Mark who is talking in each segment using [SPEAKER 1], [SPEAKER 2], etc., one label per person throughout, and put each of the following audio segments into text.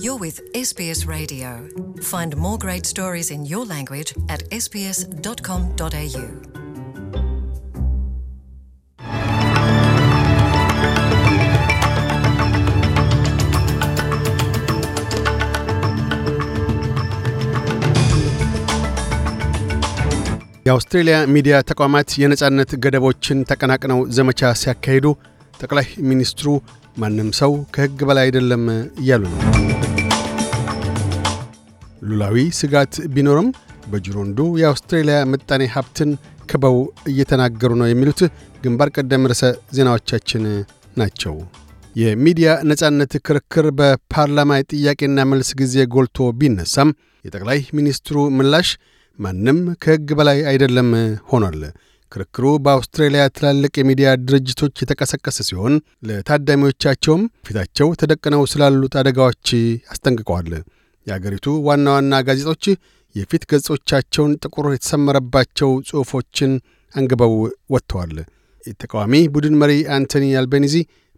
[SPEAKER 1] You're with SBS Radio. Find more great stories in your language at sbs.com.au. የአውስትሬልያ ሚዲያ ተቋማት የነጻነት ገደቦችን ተቀናቅነው ዘመቻ ሲያካሂዱ ጠቅላይ ሚኒስትሩ ማንም ሰው ከሕግ በላይ አይደለም እያሉ ነው። ሉላዊ ስጋት ቢኖርም በጅሮንዱ የአውስትሬልያ ምጣኔ ሀብትን ከበው እየተናገሩ ነው የሚሉት ግንባር ቀደም ርዕሰ ዜናዎቻችን ናቸው። የሚዲያ ነጻነት ክርክር በፓርላማ የጥያቄና መልስ ጊዜ ጎልቶ ቢነሳም የጠቅላይ ሚኒስትሩ ምላሽ ማንም ከሕግ በላይ አይደለም ሆኗል። ክርክሩ በአውስትራሊያ ትላልቅ የሚዲያ ድርጅቶች የተቀሰቀሰ ሲሆን ለታዳሚዎቻቸውም ፊታቸው ተደቅነው ስላሉት አደጋዎች አስጠንቅቀዋል። የአገሪቱ ዋና ዋና ጋዜጦች የፊት ገጾቻቸውን ጥቁር የተሰመረባቸው ጽሑፎችን አንግበው ወጥተዋል። የተቃዋሚ ቡድን መሪ አንቶኒ አልቤኒዚ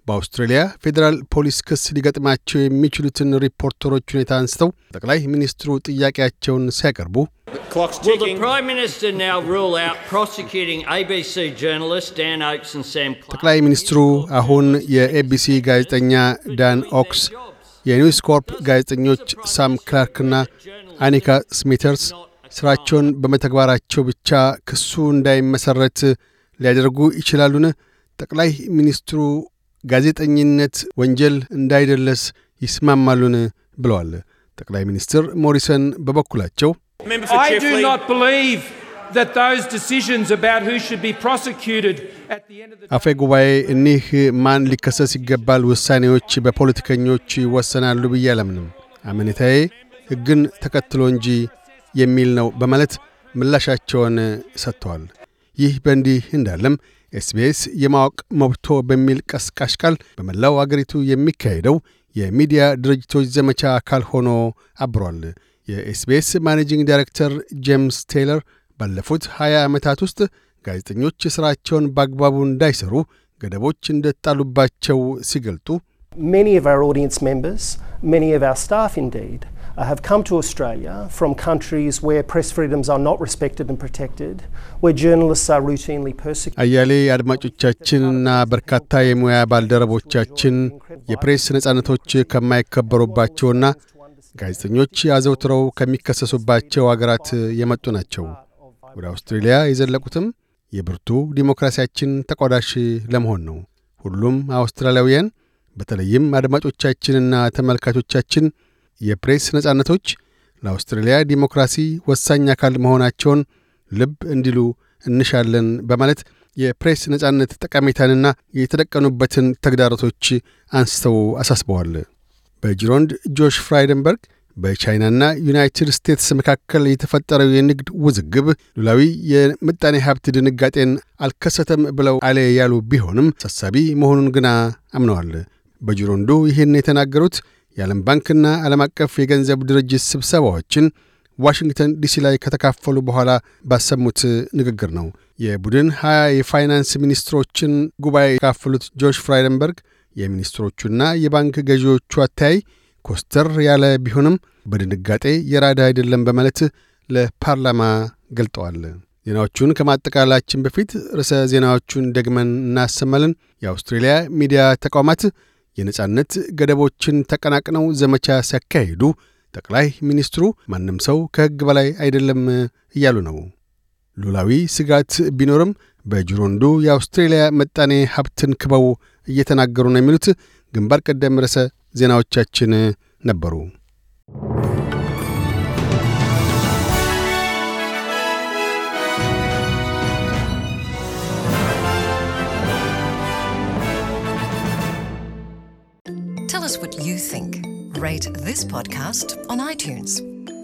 [SPEAKER 1] በአውስትራሊያ ፌዴራል ፖሊስ ክስ ሊገጥማቸው የሚችሉትን ሪፖርተሮች ሁኔታ አንስተው ጠቅላይ ሚኒስትሩ ጥያቄያቸውን ሲያቀርቡ ጠቅላይ ሚኒስትሩ አሁን የኤቢሲ ጋዜጠኛ ዳን ኦክስ፣ የኒውስ ኮርፕ ጋዜጠኞች ሳም ክላርክና አኒካ ስሚተርስ ሥራቸውን በመተግባራቸው ብቻ ክሱ እንዳይመሠረት ሊያደርጉ ይችላሉን? ጠቅላይ ሚኒስትሩ ጋዜጠኝነት ወንጀል እንዳይደለስ ይስማማሉን ብለዋል። ጠቅላይ ሚኒስትር ሞሪሰን በበኩላቸው አፈ ጉባኤ እኒህ ማን ሊከሰስ ይገባል ውሳኔዎች በፖለቲከኞች ይወሰናሉ ብዬ አላምንም፣ አመኔታዬ ሕግን ተከትሎ እንጂ የሚል ነው በማለት ምላሻቸውን ሰጥተዋል። ይህ በእንዲህ እንዳለም ኤስቢኤስ የማወቅ መብቶ በሚል ቀስቃሽ ቃል በመላው አገሪቱ የሚካሄደው የሚዲያ ድርጅቶች ዘመቻ አካል ሆኖ አብሯል። የኤስቢኤስ ማኔጂንግ ዳይሬክተር ጄምስ ቴይለር ባለፉት 20 ዓመታት ውስጥ ጋዜጠኞች ሥራቸውን በአግባቡ እንዳይሰሩ ገደቦች እንደጣሉባቸው ሲገልጡ have come to Australia from countries where press freedoms are not respected and protected, where journalists are routinely persecuted. አያሌ አድማጮቻችንና በርካታ የሙያ ባልደረቦቻችን የፕሬስ ነጻነቶች ከማይከበሩባቸውና ጋዜጠኞች አዘውትረው ከሚከሰሱባቸው አገራት የመጡ ናቸው። ወደ አውስትሬልያ የዘለቁትም የብርቱ ዲሞክራሲያችን ተቋዳሽ ለመሆን ነው። ሁሉም አውስትራሊያውያን በተለይም አድማጮቻችንና ተመልካቾቻችን የፕሬስ ነጻነቶች ለአውስትራሊያ ዲሞክራሲ ወሳኝ አካል መሆናቸውን ልብ እንዲሉ እንሻለን በማለት የፕሬስ ነጻነት ጠቀሜታንና የተደቀኑበትን ተግዳሮቶች አንስተው አሳስበዋል። በጅሮንድ ጆሽ ፍራይደንበርግ በቻይናና ዩናይትድ ስቴትስ መካከል የተፈጠረው የንግድ ውዝግብ ሉላዊ የምጣኔ ሀብት ድንጋጤን አልከሰተም ብለው አለ ያሉ ቢሆንም ሳሳቢ መሆኑን ግና አምነዋል። በጅሮንዱ ይህን የተናገሩት የዓለም ባንክና ዓለም አቀፍ የገንዘብ ድርጅት ስብሰባዎችን ዋሽንግተን ዲሲ ላይ ከተካፈሉ በኋላ ባሰሙት ንግግር ነው። የቡድን ሀያ የፋይናንስ ሚኒስትሮችን ጉባኤ የተካፈሉት ጆሽ ፍራይደንበርግ የሚኒስትሮቹና የባንክ ገዢዎቹ አታይ ኮስተር ያለ ቢሆንም በድንጋጤ የራዳ አይደለም በማለት ለፓርላማ ገልጠዋል። ዜናዎቹን ከማጠቃላችን በፊት ርዕሰ ዜናዎቹን ደግመን እናሰማለን። የአውስትሬልያ ሚዲያ ተቋማት የነጻነት ገደቦችን ተቀናቅነው ዘመቻ ሲያካሄዱ ጠቅላይ ሚኒስትሩ ማንም ሰው ከሕግ በላይ አይደለም እያሉ ነው። ሉላዊ ስጋት ቢኖርም በጅሮንዱ የአውስትሬልያ መጣኔ ሀብትን ክበው እየተናገሩ ነው የሚሉት ግንባር ቀደም ርዕሰ ዜናዎቻችን ነበሩ። us what you think. Rate this podcast on iTunes.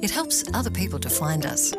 [SPEAKER 1] It helps other people to find us.